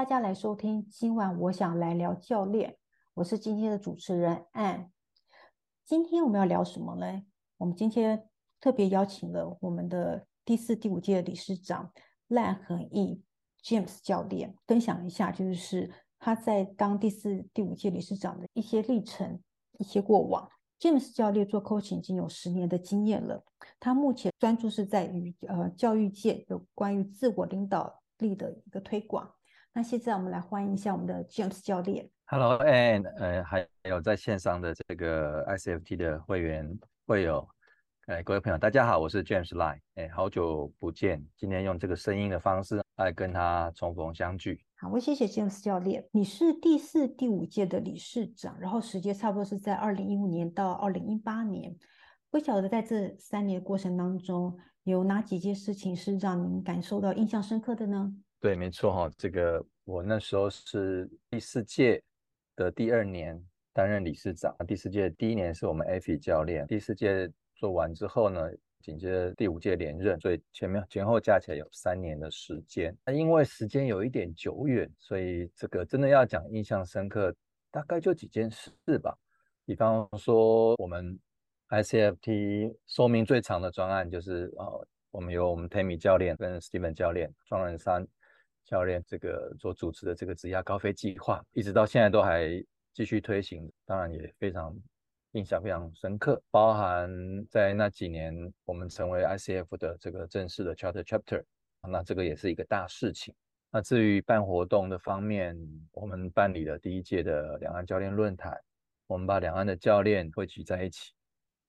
大家來收聽，今晚我想來聊教練，我是今天的主持人 Ann，今天我們要聊什麼呢？我們今天特別邀請了我們的第四、第五屆理事長賴恆毅 James 教練，分享一下，就是他在當第四、第五屆理事長的一些歷程、一些過往。James 教練做 coaching 已經有十年的經驗了，他目前專注是在於呃教育界有關於自我領導力的一個推廣。那現在我們來歡迎一下我們的 James 教練。Hello，Ann 呃，還有在線上的這個 ICFT 的會員會、會、呃、有各位朋友，大家好，我是 James Lai，哎、欸，好久不見，今天用這個聲音的方式來跟他重逢相聚。好，我謝謝 James 教練，你是第四、第五屆的理事長，然後時間差不多是在二零一五年到二零一八年。不曉得在這三年過程當中，有哪幾件事情是讓您感受到印象深刻的呢？對，沒錯哈、哦，這個我那時候是第四屆的第二年擔任理事長。第四屆第一年是我們 AFI 教練，第四屆做完之後呢，緊接着第五屆連任，所以前面前後加起來有三年的時間。那因為時間有一點久遠，所以這個真的要講印象深刻，大概就幾件事吧。比方說，我們 ICFT 壽命最長的專案就是呃、哦，我們有我們 Tammy 教練跟 Steven 教練雙人三。教練這個所主持的這個職涯高飛計劃，一直到現在都還繼續推行，當然也非常印象非常深刻，包含在那幾年我們成為 ICF 的這個正式的 Charter Chapter，那這個也是一個大事情。那至於辦活動的方面，我們辦理了第一屆的兩岸教練論壇，我們把兩岸的教練匯集在一起，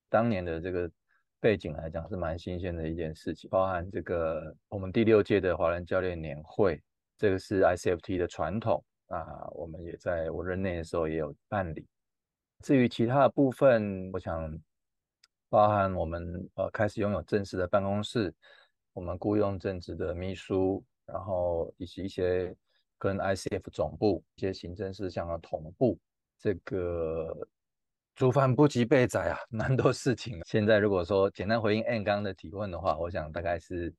當年的這個背景來講是蠻新鮮的一件事情，包含這個我們第六屆的華人教練年會。這個是 ICFT 的傳統啊，我們也在我任內的時候也有辦理。至於其他的部分，我想包含我們呃開始擁有正式的辦公室，我們僱傭正職的秘書，然後以及一些跟 ICF 總部一些行政事項的同步。這個諸凡不及備載啊，蠻多事情、啊。現在如果說簡單回應 Ann 剛剛的提問的話，我想大概是。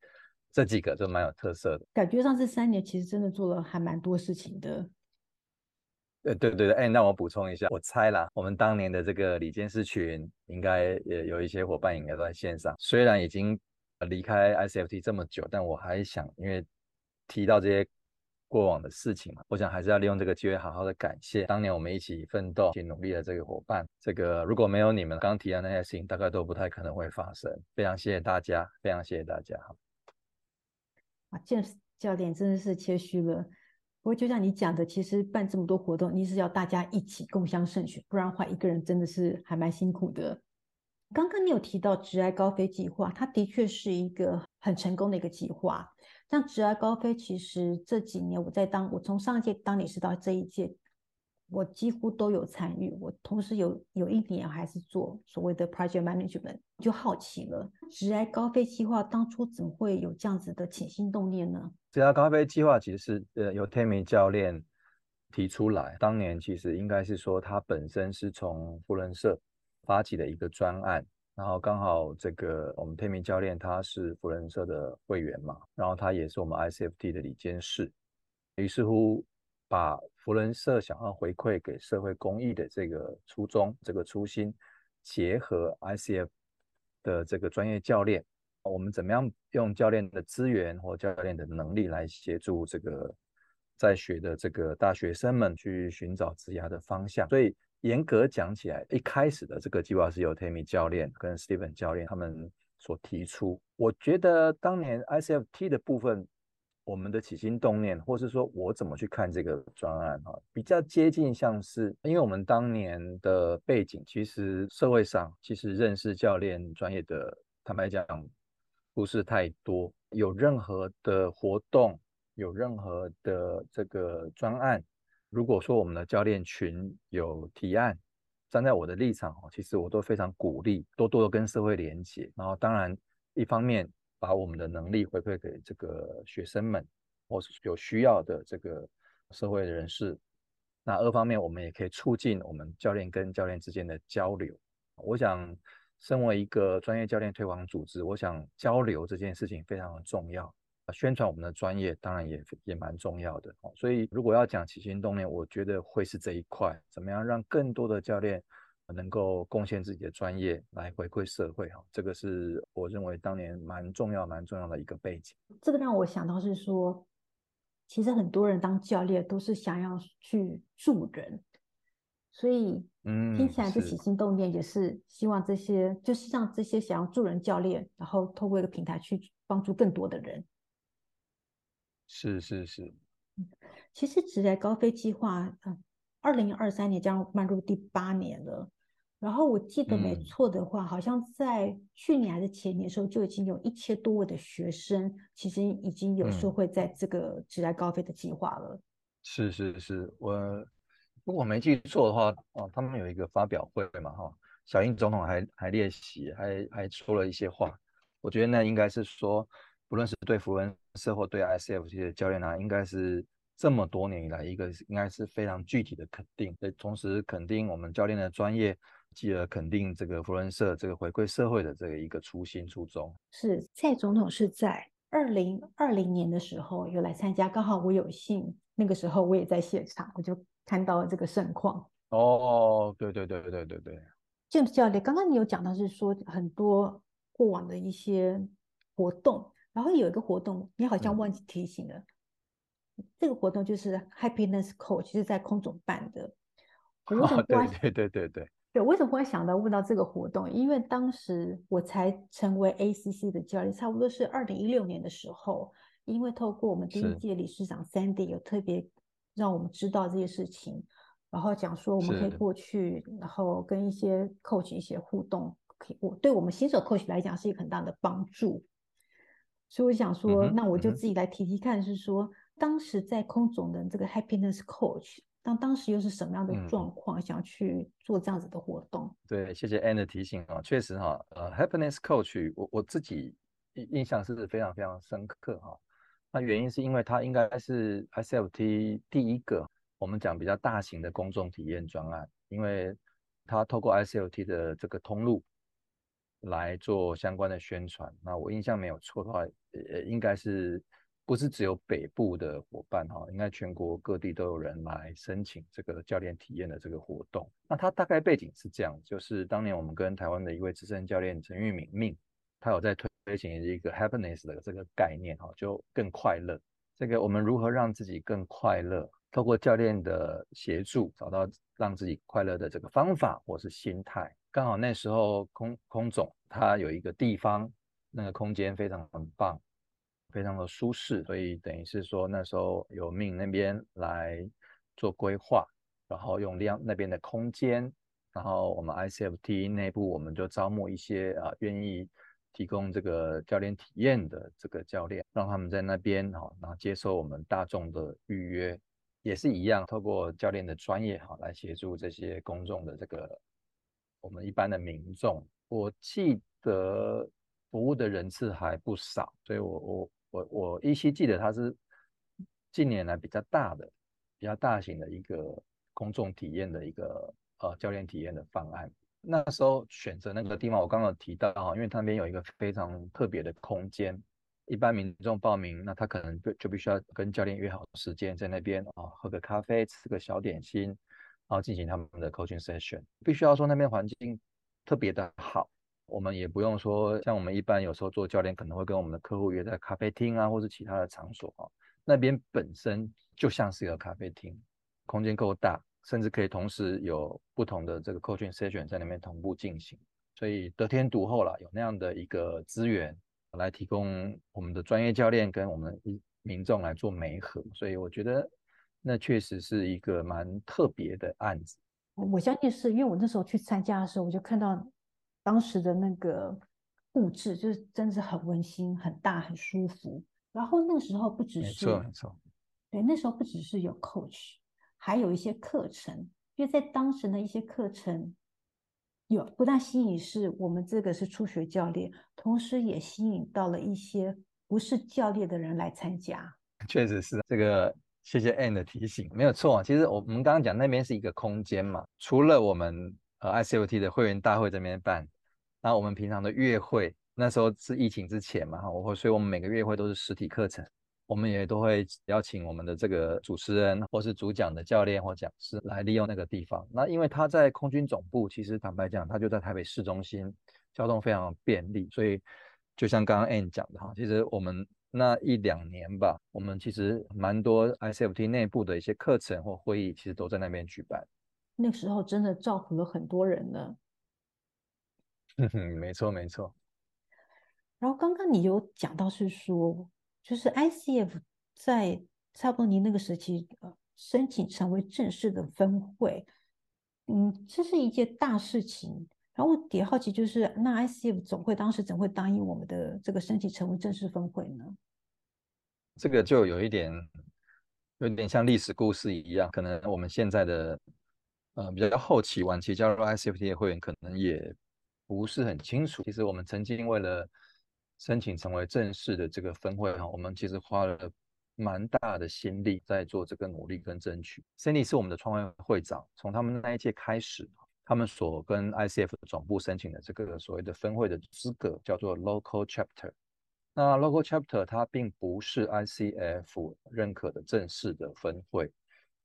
這幾個就蠻有特色的，感覺上這三年其實真的做了還蠻多事情的。呃，對對對，哎，那我補充一下，我猜啦，我們當年的這個理監事群，應該也有一些夥伴應該都在線上。雖然已經離開 ICFT 這麼久，但我還想，因為提到這些過往的事情嘛，我想還是要利用這個機會，好好的感謝當年我們一起奮鬥、一起努力的這個夥伴。這個如果沒有你們剛提的那些事情，大概都不太可能會發生。非常謝謝大家，非常謝謝大家。啊，James 教練真的是謙虛了。不過就像你講的，其實辦這麼多活動，你是要大家一起共襄盛舉，不然的話一個人真的是還蠻辛苦的。剛剛你有提到“職涯高飛”計劃，它的確是一個很成功的一個計劃。但“職涯高飛”其實這幾年我在當，我從上一屆當理事到這一屆。我幾乎都有參與，我同時有有一年還是做所謂的 project management。就好奇了，職涯高飛計劃當初怎麼會有這樣子的起心動念呢？職涯高飛計劃其實是由天明教練提出來，當年其實應該是說他本身是從扶輪社發起的一個專案，然後剛好這個我們天明教練他是扶輪社的會員嘛，然後他也是我們 ICFT 的理監事，於是乎。把扶輪社想要回饋給社會公益的這個初衷，這個初心，結合 ICF 的這個專業教練，我們怎麼樣用教練的資源或教練的能力來協助這個在學的這個大學生們去尋找職涯的方向？所以嚴格講起來，一開始的這個計劃是由 Tammy 教練跟 Steven 教練他們所提出。我覺得當年 ICFT 的部分。我們的起心動念，或是說我怎麼去看這個專案哈，比較接近像是，因為我們當年的背景，其實社會上其實認識教練專業的，坦白講不是太多。有任何的活動，有任何的這個專案，如果說我們的教練群有提案，站在我的立場哈，其實我都非常鼓勵，多多的跟社會連接。然後當然一方面。把我們的能力回饋給這個學生們，或是有需要的這個社會人士。那二方面，我們也可以促進我們教練跟教練之間的交流。我想，身為一個專業教練推廣組織，我想交流這件事情非常的重要。宣傳我們的專業，當然也也蠻重要的哦。所以，如果要講起心動念，我覺得會是這一塊，怎麼樣讓更多的教練。能夠貢獻自己的專業來回饋社會。哦，哈，這個是我認為當年蠻重要、蠻重要的一個背景。這個讓我想到是說，其實很多人當教練都是想要去助人，所以嗯，聽起來就起心動念也是希望這些是就是讓這些想要助人教練，然後透過一個平台去幫助更多的人。是是是。其實“職涯高飛”計劃，嗯。二零二三年將要邁入第八年了，然後我記得沒錯的話，嗯、好像在去年還是前年的時候，就已經有一千多位的學生，其實已經有受惠在這個職涯高飛的計劃了。是是是，我如果我沒記錯的話，哦，他們有一個發表會嘛，哈、哦，小英總統還還列席，還還，還說了一些話。我覺得那應該是說，不論是對扶輪社或對 ICF 的教練啊，應該是。這麼多年以來，一個應該是非常具體的肯定，對，同時肯定我們教練的專業，繼而肯定這個扶輪社這個回饋社會的這個一個初心初衷。是，蔡總統是在二零二零年的時候有來參加，剛好我有幸那個時候我也在現場，我就看到了這個盛況。哦，哦對對對對對對。James 教練，剛剛你有講到是說很多過往的一些活動，然後有一個活動你好像忘記提醒了。嗯這個活動就是 Happiness Coach，其實在空中辦的。我為什麼突然對對對對對，對我為什麼想到問到這個活動？因為當時我才成為 ACC 的教練，差不多是二零一六年的時候。因為透過我們第一屆理事長 Sandy 是有特別讓我們知道這些事情，然後講說我們可以過去，的然後跟一些 Coach 一些互動，可以我對我們新手 Coach 來講是一個很大的幫助。所以我想說，嗯、哼那我就自己來提提看，是說。嗯哼嗯當時在空總的這個 happiness coach，那當，當時又是什麼樣的狀況，嗯、想去做這樣子的活動？對，謝謝 Ann 的提醒啊，確實哈、啊，呃，happiness coach，我我自己印象是非常非常深刻哈、啊。那原因是因為它應該是 S L T 第一個我們講比較大型的公眾體驗專案，因為它透過 S L T 的這個通路來做相關的宣傳。那我印象沒有錯的話，呃，應該是。不是只有北部的伙伴哈、哦，應該全國各地都有人來申請這個教練體驗的這個活動。那它大概背景是這樣，就是當年我們跟台灣的一位資深教練陳玉敏，敏他有在推行一個 happiness 的這個概念哈、哦，就更快樂。這個我們如何讓自己更快樂，透過教練的協助，找到讓自己快樂的這個方法或是心態。剛好那時候空空總他有一個地方，那個空間非常很棒。非常的舒適，所以等於是說那時候有命那邊來做規劃，然後用量那邊的空間，然後我們 ICFT 內部我們就招募一些啊願意提供這個教練體驗的這個教練，讓他們在那邊哈、啊，然後接受我們大眾的預約，也是一樣，透過教練的專業哈、啊、來協助這些公眾的這個我們一般的民眾。我記得服務的人次還不少，所以我我。我我依稀記得，它是近年來比較大的、比較大型的一個公眾體驗的一個呃教練體驗的方案。那時候選擇那個地方，我剛剛有提到哦，因為他那邊有一個非常特別的空間。一般民眾報名，那他可能就就必須要跟教練約好時間，在那邊啊、哦、喝個咖啡、吃個小點心，然後進行他們的 coaching session。必須要說那邊環境特別的好。我們也不用說，像我們一般有時候做教練，可能會跟我們的客戶約在咖啡廳啊，或者其他的場所啊、哦。那邊本身就像是一個咖啡廳，空間夠大，甚至可以同時有不同的這個 coaching session 在那邊同步進行，所以得天獨厚了，有那樣的一個資源來提供我們的專業教練跟我們民眾來做媒合，所以我覺得那確實是一個蠻特別的案子。我相信是因為我那時候去參加的時候，我就看到。當時的那個布置就是真的是很溫馨、很大、很舒服。然後那個時候不只是，沒錯，沒錯，對，那時候不只是有 coach，還有一些課程。因為在當時的一些課程，有不但吸引是我們這個是初學教練，同時也吸引到了一些不是教練的人來參加。確實是這個，謝謝 Ann 的提醒，沒有錯，其實我們剛剛講那邊是一個空間嘛，除了我們。和 ICFT 的會員大會這邊辦，那我們平常的月會那時候是疫情之前嘛，我所以，我們每個月會都是實體課程，我們也都會邀請我們的這個主持人或是主講的教練或講師來利用那個地方。那因為他在空軍總部，其實坦白講，他就在台北市中心，交通非常便利。所以，就像剛剛 Anne 講的哈，其實我們那一兩年吧，我們其實蠻多 ICFT 內部的一些課程或會議，其實都在那邊舉辦。那個時候真的照顧了很多人呢。嗯哼，沒錯沒錯。然後剛剛你有講到是說，就是 ICF 在差不多你那個時期呃申請成為正式的分會，嗯，這是一件大事情。然後我也好奇，就是那 ICF 總會當時怎會答應我們的這個申請成為正式分會呢？這個就有一點，有一點像歷史故事一樣，可能我們現在的。嗯，比較後期、晚期加入 ICF 的會員可能也不是很清楚。其實我們曾經為了申請成為正式的這個分會哈，我們其實花了蠻大的心力在做這個努力跟爭取。Cindy 是我們的創會會長，從他們那一屆開始，他們所跟 ICF 的總部申請的這個所謂的分會的資格叫做 Local Chapter。那 Local Chapter 它並不是 ICF 認可的正式的分會，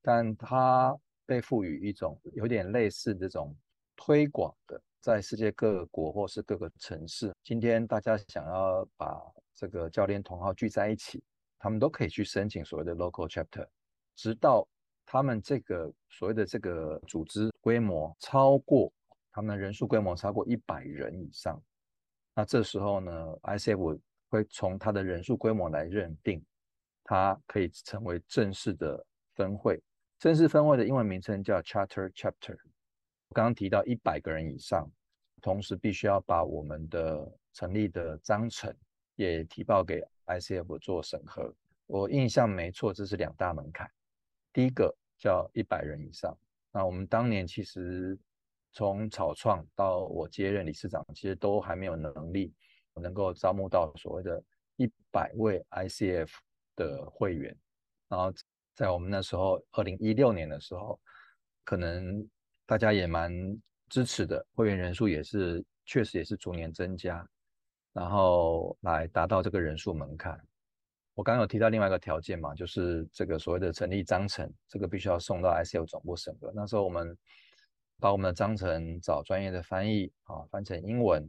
但它。被賦予一種有點類似的這種推廣的，在世界各個國或是各個城市，今天大家想要把這個教練同好聚在一起，他們都可以去申請所謂的 local chapter，直到他們這個所謂的這個組織規模超過他們的人數規模超過一百人以上，那這時候呢 ICF 會從他的人數規模來認定，它可以成為正式的分會。正式分會的英文名稱叫 Charter Chapter。我剛剛提到一百個人以上，同時必須要把我們的成立的章程也提報給 ICF 做審核。我印象沒錯，這是兩大門檻。第一個叫一百人以上。那我們當年其實從草創到我接任理事長，其實都還沒有能力能夠招募到所謂的一百位 ICF 的會員，然後。在我們那時候，2016年的時候，可能大家也蠻支持的，會員人數也是確實也是逐年增加，然後來達到這個人數門檻。我剛剛有提到另外一個條件嘛，就是這個所謂的成立章程，這個必須要送到 ICF 總部審核。那時候我們把我們的章程找專業的翻譯啊，翻成英文，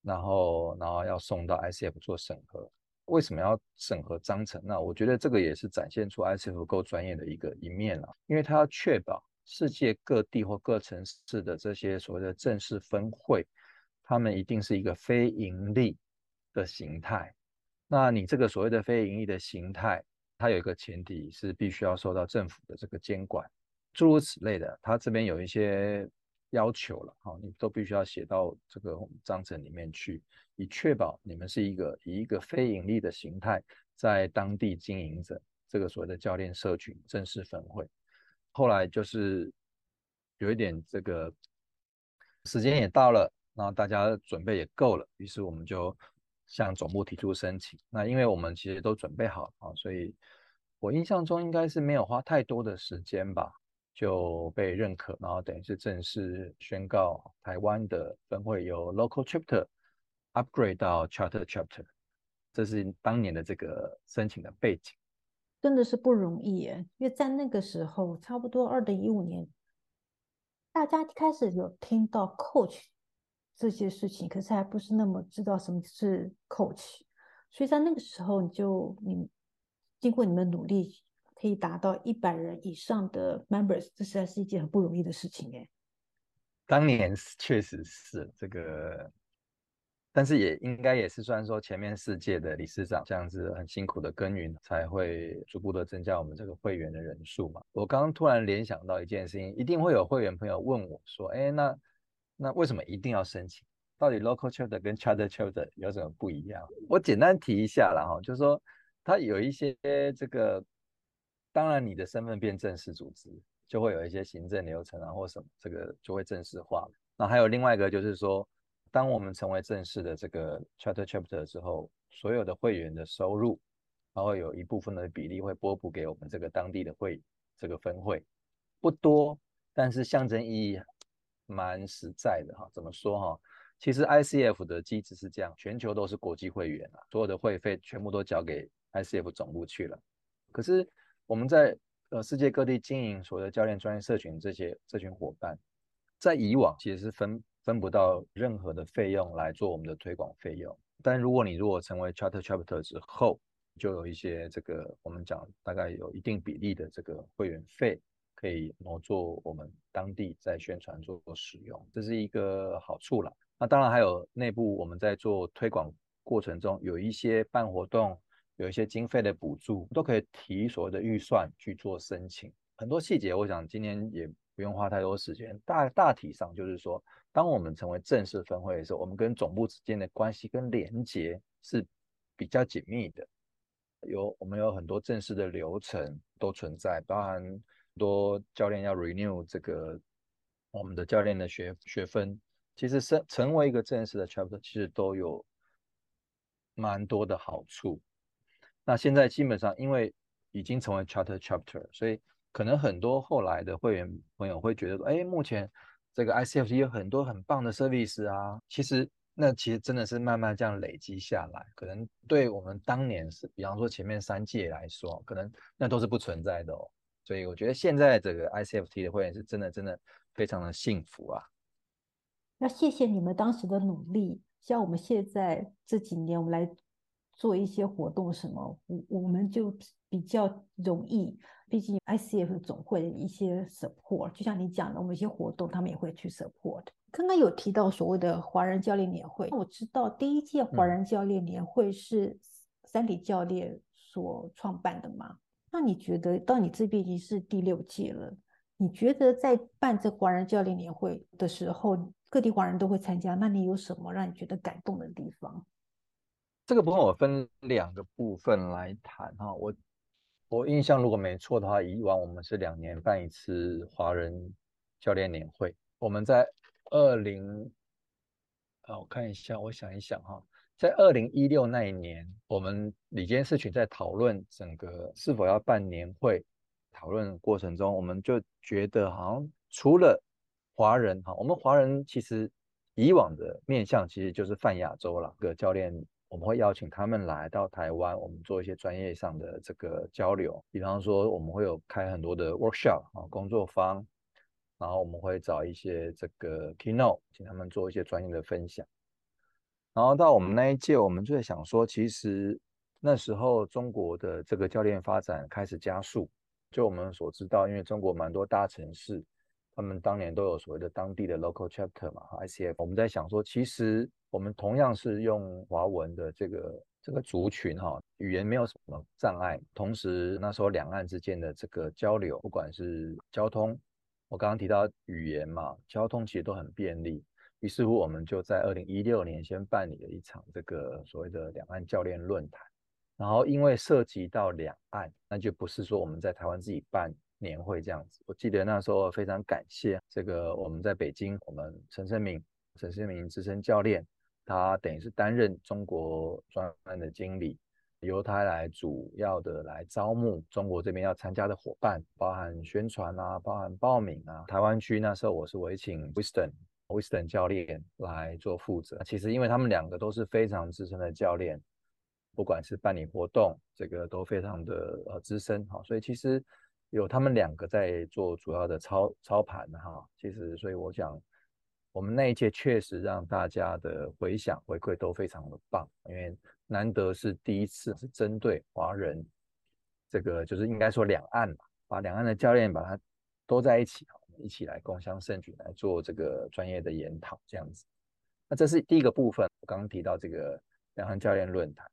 然後然後要送到 ICF 做審核。為什麼要審核章程？那我覺得這個也是展現出 ICF 夠專業的一個一面了，因為它要確保世界各地或各城市的這些所謂的正式分會，他們一定是一個非盈利的形態。那你這個所謂的非盈利的形態，它有一個前提是必須要受到政府的這個監管，諸如此類的，它這邊有一些。要求了，好，你都必須要寫到這個章程裡面去，以確保你們是一個以一個非盈利的形態在當地經營着這個所謂的教練社群正式分會。後來就是有一點這個時間也到了，然後大家準備也夠了，於是我們就向總部提出申請。那因為我們其實都準備好了啊，所以我印象中應該是沒有花太多的時間吧。就被認可，然後等於是正式宣告台灣的分會由 local chapter upgrade 到 charter chapter。這是當年的這個申請的背景，真的是不容易耶，因為在那個時候，差不多二零一五年，大家一開始有聽到 coach 這些事情，可是還不是那麼知道什麼是 coach，所以在那個時候你，你就你經過你們的努力。可以達到一百人以上的 members，這實在是一件很不容易的事情哎、欸。當年確實是這個，但是也應該也是算說前面四屆的理事長這樣子很辛苦的耕耘，才會逐步的增加我們這個會員的人數嘛。我剛剛突然聯想到一件事情，一定會有會員朋友問我說：“哎，那那為什麼一定要申請？到底 local chapter 跟 charter chapter 有什麼不一樣？”我簡單提一下然哈、哦，就是說他有一些這個。當然，你的身份變正式組織，就會有一些行政流程、啊，然後什麼，這個就會正式化。那然後還有另外一個，就是說，當我們成為正式的這個 charter chapter 之後，所有的會員的收入，它會有一部分的比例會撥補給我們這個當地的會這個分會，不多，但是象徵意義蠻實在的哈、啊。怎麼說哈、啊？其實 ICF 的機制是這樣，全球都是國際會員啊，所有的會費全部都交給 ICF 總部去了，可是。我們在呃世界各地經營所謂的教練專業社群，這些這群夥伴，在以往其實是分分不到任何的費用來做我們的推廣費用。但如果你如果成為 Charter Chapter 之後，就有一些這個我們講大概有一定比例的這個會員費可以挪作我們當地在宣傳做使用，這是一個好處啦。那當然還有內部我們在做推廣過程中有一些辦活動有一些經費的補助都可以提所謂的預算去做申請，很多細節我想今天也不用花太多時間。大大體上就是說，當我們成為正式分會的時候，我們跟總部之間的關係跟連結是比較緊密的，有我們有很多正式的流程都存在。包含很多教練要 renew 這個我們的教練的學學分，其實是成為一個正式的 chapter，其實都有蠻多的好處。那現在基本上，因為已經成為 Charter Chapter，所以可能很多後來的會員朋友會覺得說，哎，目前這個 I C F T 有很多很棒的 service 啊。其實，那其實真的是慢慢這樣累積下來，可能對我們當年是，比方說前面三屆來說，可能那都是不存在的哦。所以我覺得現在這個 I C F T 的會員是真的真的非常的幸福啊。那謝謝你們當時的努力，像我們現在這幾年，我們來。做一些活動什麼，我我們就比較容易，畢竟 ICF 總會的一些 support，就像你講的，我們一些活動他們也會去 support。剛剛有提到所謂的華人教練年會，那我知道第一屆華人教練年會是三里教練所創辦的嘛？嗯、那你覺得到你這邊已經是第六屆了，你覺得在辦這華人教練年會的時候，各地華人都會參加，那你有什麼讓你覺得感動的地方？這個部分我分兩個部分來談哈，我我印象如果沒錯的話，以往我們是兩年辦一次華人教練年會。我們在二零，啊，我看一下，我想一想哈，在二零一六那一年，我們理監事們在討論整個是否要辦年會，討論過程中，我們就覺得好像除了華人哈，我們華人其實以往的面向其實就是泛亞洲了，各教練。我們會邀請他們來到台灣，我們做一些專業上的這個交流。比方說，我們會有開很多的 workshop 啊，工作坊，然後我們會找一些這個 keynote，請他們做一些專業的分享。然後到我們那一屆，我們就在想說，其實那時候中國的這個教練發展開始加速。就我們所知道，因為中國蠻多大城市。他們當年都有所謂的當地的 local chapter 嘛，ICF，我們在想說，其實我們同樣是用華文的這個這個族群哈，語言沒有什麼障礙。同時那時候兩岸之間的這個交流，不管是交通，我剛剛提到語言嘛，交通其實都很便利。於是乎，我們就在二零一六年先辦理了一場這個所謂的兩岸教練論壇。然後因為涉及到兩岸，那就不是說我們在台灣自己辦。年會這樣子，我記得那時候非常感謝這個我們在北京，我們陳盛明，陳盛明資深教練，他等於是擔任中國專案的經理，由他來主要的來招募中國這邊要參加的夥伴，包含宣傳啊，包含報名啊。台灣區那時候我是委請 Whiston，Whiston 教練來做負責。其實因為他們兩個都是非常資深的教練，不管是辦理活動，這個都非常的呃資深，好，所以其實。有他們兩個在做主要的操操盤哈，其實所以我想，我們那一屆確實讓大家的回想回饋都非常的棒，因為難得是第一次是針對華人，這個就是應該說兩岸吧，把兩岸的教練把它都在一起，一起來共襄盛舉來做這個專業的研討這樣子。那這是第一個部分，我剛剛提到這個兩岸教練論壇。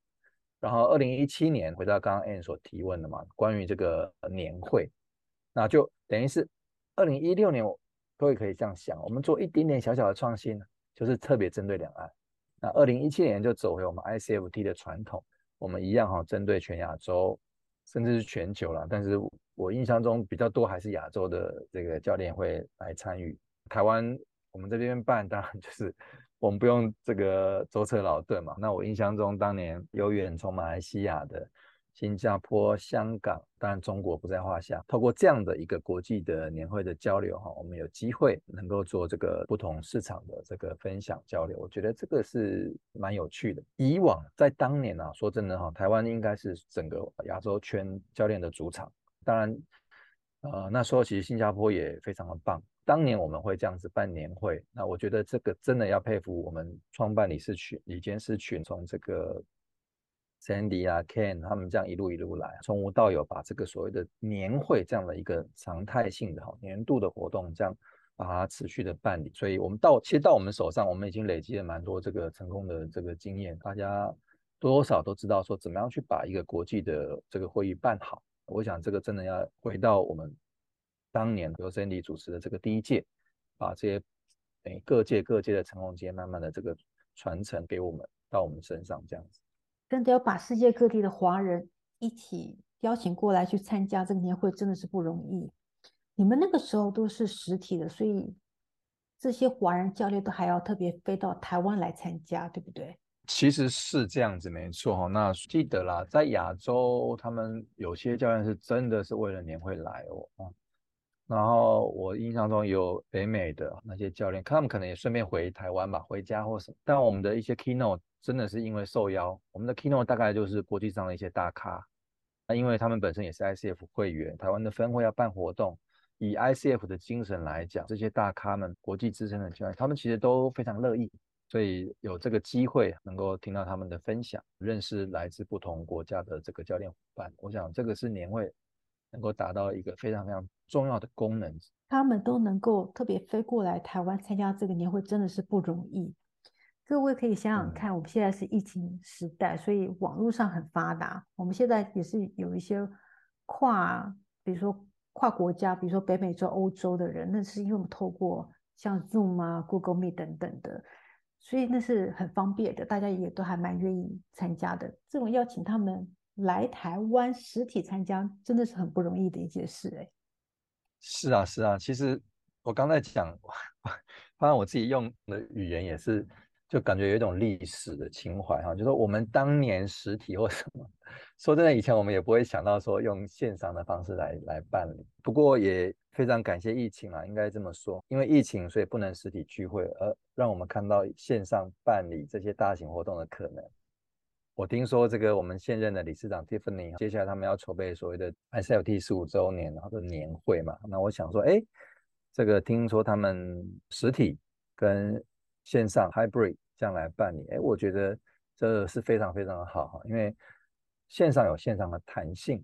然後，二零一七年回到剛剛 Ann 所提問的嘛，關於這個年會，那就等於是二零一六年，各位可以這樣想，我們做一點點小小的創新，就是特別針對兩岸。那二零一七年就走回我們 ICFT 的傳統，我們一樣哈、啊，針對全亞洲，甚至是全球啦。但是我印象中比較多還是亞洲的這個教練會來參與。台灣我們這邊辦，當然就是。我們不用這個舟車勞頓嘛？那我印象中，當年有遠從馬來西亞的新加坡、香港，當然中國不在話下，透過這樣的一個國際的年會的交流、哦，哈，我們有機會能夠做這個不同市場的這個分享交流，我覺得這個是蠻有趣的。以往在當年啊，說真的哈、哦，台灣應該是整個亞洲圈教練的主場，當然，呃，那時候其實新加坡也非常的棒。當年我們會這樣子辦年會，那我覺得這個真的要佩服我們創辦理事群、理監事群，從這個 Sandy 啊 Ken 他們這樣一路一路來，從無到有，把這個所謂的年會這樣的一個常態性的哈年度的活動，這樣把它持續的辦理。所以，我們到其實到我們手上，我們已經累積了蠻多這個成功的這個經驗，大家多多少少都知道說怎麼樣去把一個國際的這個會議辦好。我想這個真的要回到我們。當年劉森迪主持的這個第一屆，把這些等於各界各界的成功經驗，慢慢的這個傳承給我們到我們身上，這樣子。真的要把世界各地的華人一起邀請過來去參加這個年會，真的是不容易。你們那個時候都是實體的，所以這些華人教練都還要特別飛到台灣來參加，對不對？其實是這樣子，沒錯、哦、那記得啦，在亞洲，他們有些教練是真的是為了年會來哦、嗯，然後我印象中有北美的那些教練，他們可能也順便回台灣吧，回家或什麼。但我們的一些 keynote 真的是因為受邀，我們的 keynote 大概就是國際上的一些大咖，那因為他們本身也是 ICF 會員，台灣的分會要辦活動，以 ICF 的精神來講，這些大咖們、國際資深的教練，他們其實都非常樂意，所以有這個機會能夠聽到他們的分享，認識來自不同國家的這個教練夥伴，我想這個是年會能夠達到一個非常非常。重要的功能，他們都能夠特別飛過來台灣參加這個年會，真的是不容易。各位可以想想看，我們現在是疫情時代，嗯、所以網絡上很發達。我們現在也是有一些跨，比如說跨國家，比如說北美洲、歐洲的人，那是因為我們透過像 Zoom 啊、Google Meet 等等的，所以那是很方便的。大家也都還蠻願意參加的。這種邀請他們來台灣實體參加，真的是很不容易的一件事，欸，哎。是啊，是啊，其實我剛才講，發現我自己用的語言也是，就感覺有一種歷史的情懷哈，就說我們當年實體或什麼，說真的，以前我們也不會想到說用線上的方式來來辦理，不過也非常感謝疫情啊，應該這麼說，因為疫情所以不能實體聚會，而讓我們看到線上辦理這些大型活動的可能。我聽說這個我們現任的理事長 Tiffany，接下來他們要籌備所謂的 S L T 十五周年，然後的年會嘛。那我想說，哎，這個聽說他們實體跟線上 hybrid 這樣來辦理，哎，我覺得這是非常非常的好哈，因為線上有線上的彈性，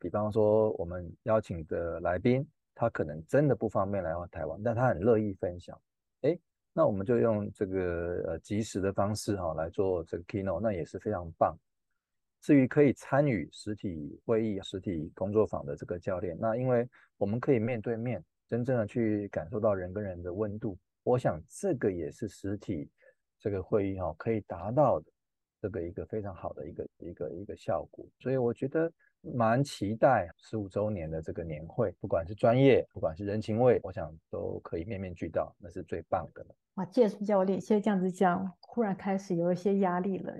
比方說我們邀請的來賓，他可能真的不方便來到台灣，但他很樂意分享，哎。那我們就用這個呃即時的方式哈來做這個 keynote，那也是非常棒。至於可以參與實體會議、實體工作坊的這個教練，那因為我們可以面對面，真正的去感受到人跟人的溫度，我想這個也是實體這個會議哈可以達到的這個一個非常好的一個一個一個效果。所以我覺得。蠻期待十五周年的這個年會，不管是專業，不管是人情味，我想都可以面面俱到，那是最棒的了。哇、啊，James 教練，現在這樣子講，忽然開始有一些壓力了，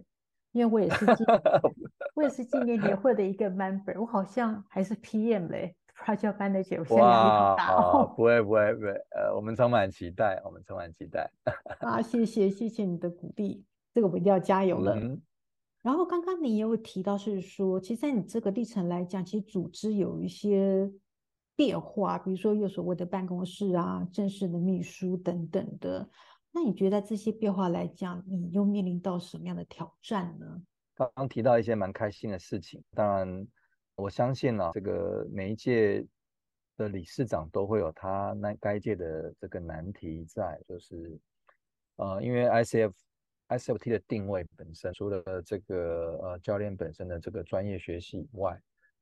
因為我也是今， 我也是今年年會的一個 member，我好像還是 PM 嘞，project manager。哇，我是大哦、啊，不會不會不會，呃，我們充滿期待，我們充滿期待。 啊，謝謝謝謝你的鼓勵，這個我們一定要加油了。嗯然後剛剛你也有提到，是說，其實在你這個歷程來講，其實組織有一些變化，比如說有所謂的辦公室啊、正式的秘書等等的。那你覺得這些變化來講，你又面臨到什麼樣的挑戰呢？剛剛提到一些蠻開心的事情，當然我相信呢、啊，這個每一屆的理事長都會有他那該屆的這個難題在，就是呃，因為 ICF。SFT 的定位本身，除了這個呃教練本身的這個專業學習以外，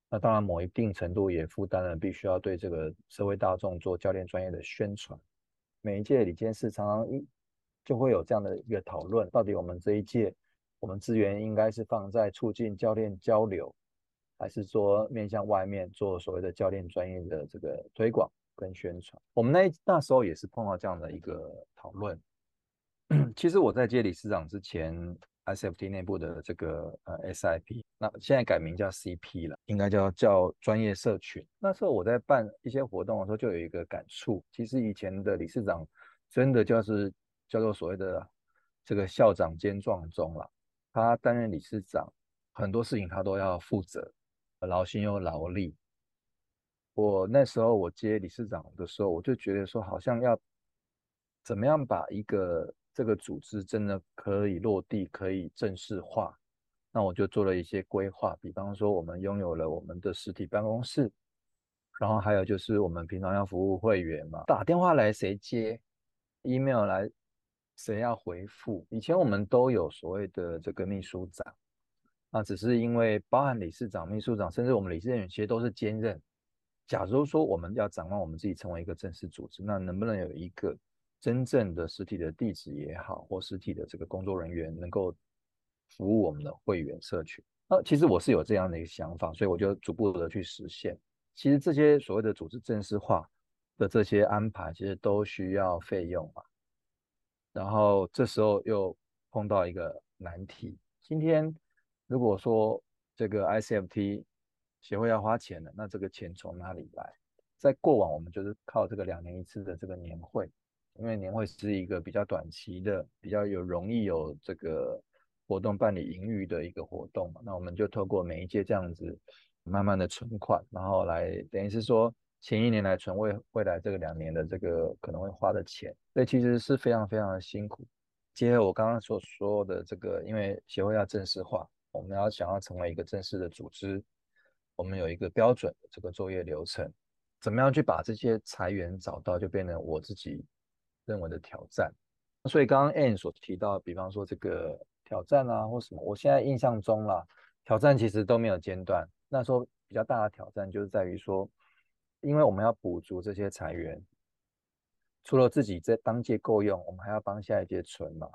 那當然某一定程度也負擔了必須要對這個社會大眾做教練專業的宣傳。每一屆的理監事常常一就會有這樣的一個討論：到底我們這一屆我們資源應該是放在促進教練交流，還是說面向外面做所謂的教練專業的這個推廣跟宣傳？我們那那時候也是碰到這樣的一個討論。其實我在接理事長之前，SFT 內部的這個呃 SIP，那現在改名叫 CP 了，應該叫叫專業社群。那時候我在辦一些活動的時候，就有一個感觸，其實以前的理事長真的就是叫做所謂的這個校長兼撞鐘了，他擔任理事長，很多事情他都要負責，勞心又勞力。我那時候我接理事長的時候，我就覺得說，好像要怎麼樣把一個這個組織真的可以落地，可以正式化，那我就做了一些規劃。比方說，我們擁有了我們的實體辦公室，然後還有就是我們平常要服務會員嘛，打電話來誰接，email 來誰要回復。以前我們都有所謂的這個秘書長，那只是因為包含理事長、秘書長，甚至我們理事人員其實都是兼任。假如說我們要展望我們自己成為一個正式組織，那能不能有一個真正的實體的地址也好，或實體的這個工作人員能夠服務我們的會員社群。那其實我是有這樣的一個想法，所以我就逐步的去實現。其實這些所謂的組織正式化的這些安排，其實都需要費用嘛。然後這時候又碰到一個難題：今天如果說這個 ICFT 協會要花錢了，那這個錢從哪裡來？在過往我們就是靠這個兩年一次的這個年會。因為年會是一個比較短期的、比較有容易有這個活動辦理盈餘的一個活動嘛，那我們就透過每一屆這樣子慢慢的存款，然後來等於是說，前一年來存未、未來這個兩年的這個可能會花的錢，所以其實是非常非常的辛苦。結合我剛剛所說的這個，因為協會要正式化，我們要想要成為一個正式的組織，我們有一個標準的這個作業流程，怎麼樣去把這些財源找到，就變成我自己，認為的挑戰，所以剛剛 Ann 所提到，比方說這個挑戰啊，或什麼，我現在印象中啦，挑戰其實都沒有間斷。那時候比較大的挑戰就是在於說，因為我們要補足這些財源，除了自己在當屆夠用，我們還要幫下一屆存嘛。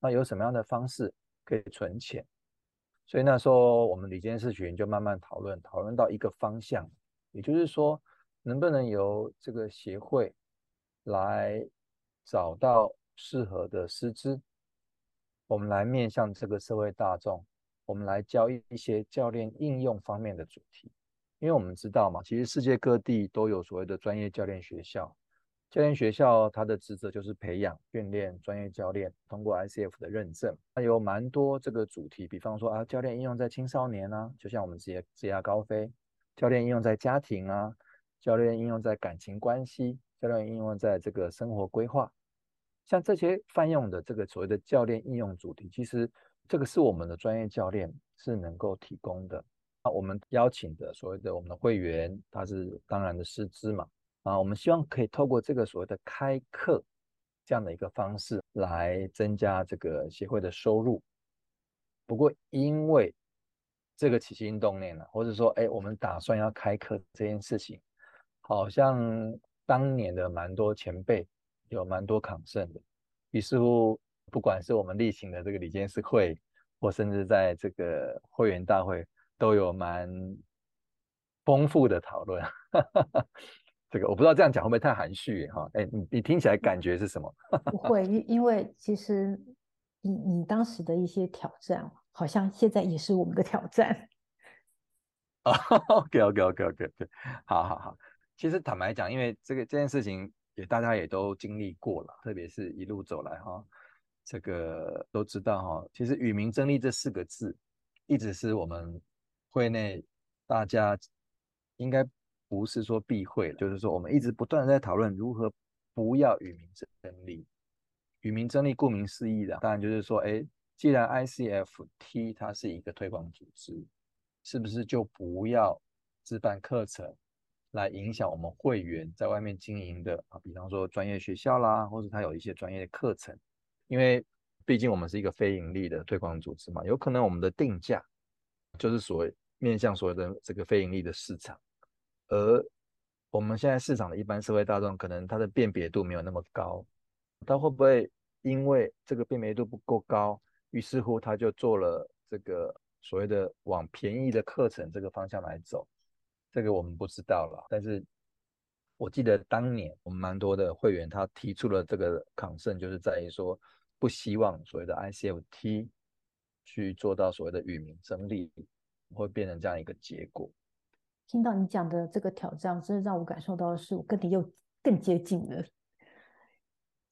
那有什麼樣的方式可以存錢？所以那時候我們理事群就慢慢討論，討論到一個方向，也就是說，能不能由這個協會來。找到適合的師資，我們來面向這個社會大眾，我們來教一些教練應用方面的主題。因為我們知道嘛，其實世界各地都有所謂的專業教練學校，教練學校它的職責就是培養、訓練專業教練，通過 ICF 的認證。它有蠻多這個主題，比方說啊，教練應用在青少年啊，就像我們職涯職涯高飛，教練應用在家庭啊，教練應用在感情關係。教練應用在這個生活規劃，像這些泛用的這個所謂的教練應用主題，其實這個是我們的專業教練是能夠提供的，啊。我們邀請的所謂的我們的會員，他是當然的師資嘛啊。我們希望可以透過這個所謂的開課這樣的一個方式，來增加這個協會的收入。不過因為這個起心動念呢，啊，或者說哎，我們打算要開課這件事情，好像。當年的蠻多前輩有蠻多抗勝的，於是乎，不管是我們例行的這個理監事會，或甚至在這個會員大會，都有蠻豐富的討論。 這個我不知道這樣講會不會太含蓄哈？哎、欸，你你聽起來感覺是什麼？ 不會，因因為其實你你當時的一些挑戰，好像現在也是我們的挑戰。哦、 oh，OK OK OK OK，對、okay，好，好，好，好。其實坦白講，因為這個這件事情也大家也都經歷過了，特別是一路走來哈，這個都知道哈。其實“與民爭利”這四個字，一直是我們會內大家應該不是說避諱，就是說我們一直不斷地在討論如何不要與民爭利。與民爭利，顧名思義的，當然就是說，哎，既然 ICFT 它是一個推廣組織，是不是就不要自辦課程？來影響我們會員在外面經營的啊，比方說專業學校啦，或者他有一些專業的課程，因為畢竟我們是一個非盈利的推廣組織嘛，有可能我們的定價就是所謂面向所謂的這個非盈利的市場，而我們現在市場的一般社會大眾可能他的辨別度沒有那麼高，他會不會因為這個辨別度不夠高，於是乎他就做了這個所謂的往便宜的課程這個方向來走？這個我們不知道了，但是我記得當年我們蠻多的會員，他提出了這個 concern，就是在於說不希望所謂的 ICFT 去做到所謂的與民爭利，會變成這樣一個結果。聽到你講的這個挑戰，真的讓我感受到的是，我跟你又更接近了，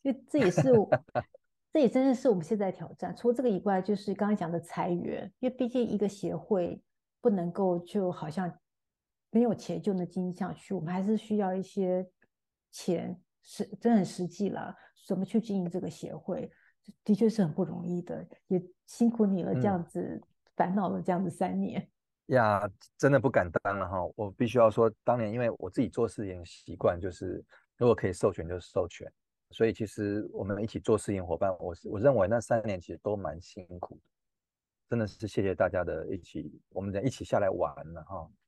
因為這也是我， 這也真的是我們現在挑戰。除了這個以外，就是剛剛講的裁員，因為畢竟一個協會不能夠就好像。沒有錢就能經營下去，我們還是需要一些錢，是真的很實際了。怎麼去經營這個協會，的確是很不容易的，也辛苦你了，這樣子、嗯、煩惱了這樣子三年。呀，真的不敢當了、啊、哈，我必須要說，當年因為我自己做事業的習慣就是，如果可以授權就授權，所以其實我們一起做事業夥伴，我是我認為那三年其實都蠻辛苦的，真的是謝謝大家的一起，我們一起下來玩了、啊、哈、啊。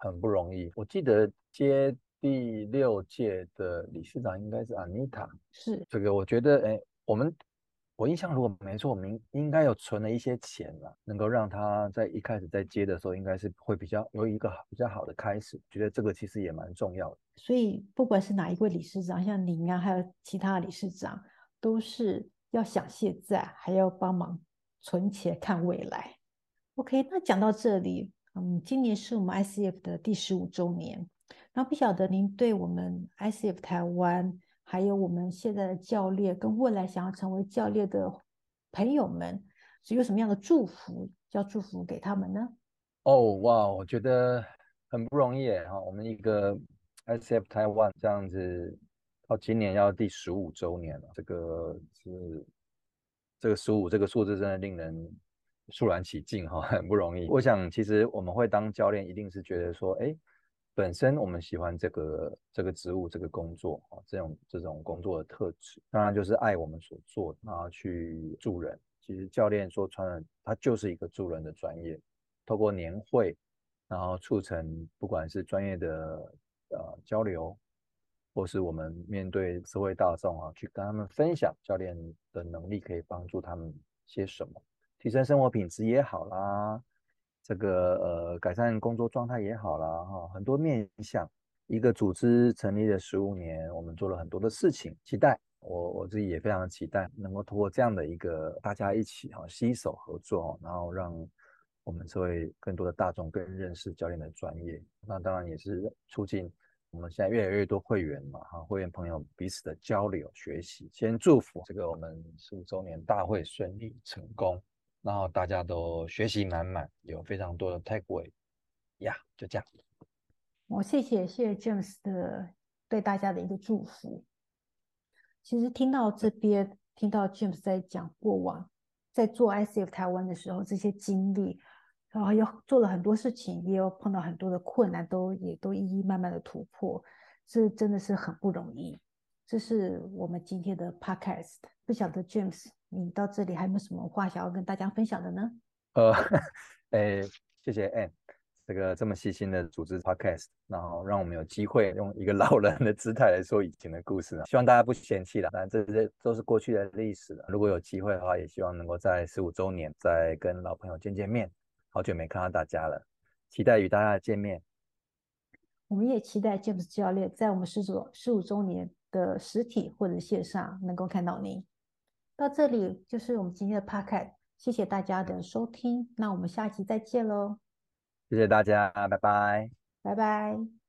很不容易。我記得接第六屆的理事長應該是阿妮塔，是。這個我覺得，哎、欸，我們我印象如果沒錯，我們應該有存了一些錢了，能夠讓他在一開始在接的時候，應該是會比較有一個比較好的開始。覺得這個其實也蠻重要的。所以，不管是哪一位理事長，像您啊，還有其他理事長，都是要想現在，還要幫忙存錢看未來。OK，那講到這裡。嗯，今年是我們 ICF 的第十五週年，那不曉得您對我們 ICF 台灣，還有我們現在的教練跟未來想要成為教練的朋友們，是有什麼樣的祝福要祝福給他們呢？哦，哇，我覺得很不容易哈，我們一個 ICF 台灣這樣子，到今年要第十五週年了，這個是這個十五這個數字真的令人。肅然起敬哈，很不容易。我想，其實我們會當教練，一定是覺得說，哎，本身我們喜歡這個這個職務、這個工作啊，這種這種工作的特質，當然就是愛我們所做然後去助人。其實教練說穿了，他就是一個助人的專業。透過年會，然後促成不管是專業的呃交流，或是我們面對社會大眾啊，去跟他們分享教練的能力可以幫助他們些什麼。提升生，生活品質也好啦，這個呃改善工作狀態也好啦，哈、哦，很多面向。一個組織成立了十五年，我們做了很多的事情，期待我我自己也非常的期待，能夠通過這樣的一個大家一起哈攜、哦、手合作、哦，然後讓我們社會更多的大眾更認識教練的專業。那當然也是促進我們現在越來越多會員嘛，哈，會員朋友彼此的交流學習。先祝福這個我們十五周年大會順利成功。然後大家都學習滿滿，有非常多的 takeaway 呀，yeah, 就這樣。我謝謝，謝謝 James 的對大家的一個祝福。其實聽到這邊，嗯、聽到 James 在講過往在做 ICF 台灣的時候這些經歷，然後又做了很多事情，也有碰到很多的困難，都也都一一慢慢的突破，這真的是很不容易。這是我們今天的 podcast，不曉得 James 你到這裡還有沒有什麼話想要跟大家分享的呢？呃，哎，謝謝 Anne、哎、這個這麼細心的組織 podcast，然後讓我們有機會用一個老人的姿態來說以前的故事，希望大家不嫌棄啦。反正這這都是過去的歷史了。如果有機會的話，也希望能夠在十五週年再跟老朋友見見面。好久沒看到大家了，期待與大家見面。我們也期待 James 教練在我們十組十五週年的實體或者線上能夠看到您，到這裡就是我們今天的 p o c t，謝謝大家的收聽，那我們下期再見嘍，謝謝大家，拜拜，拜拜。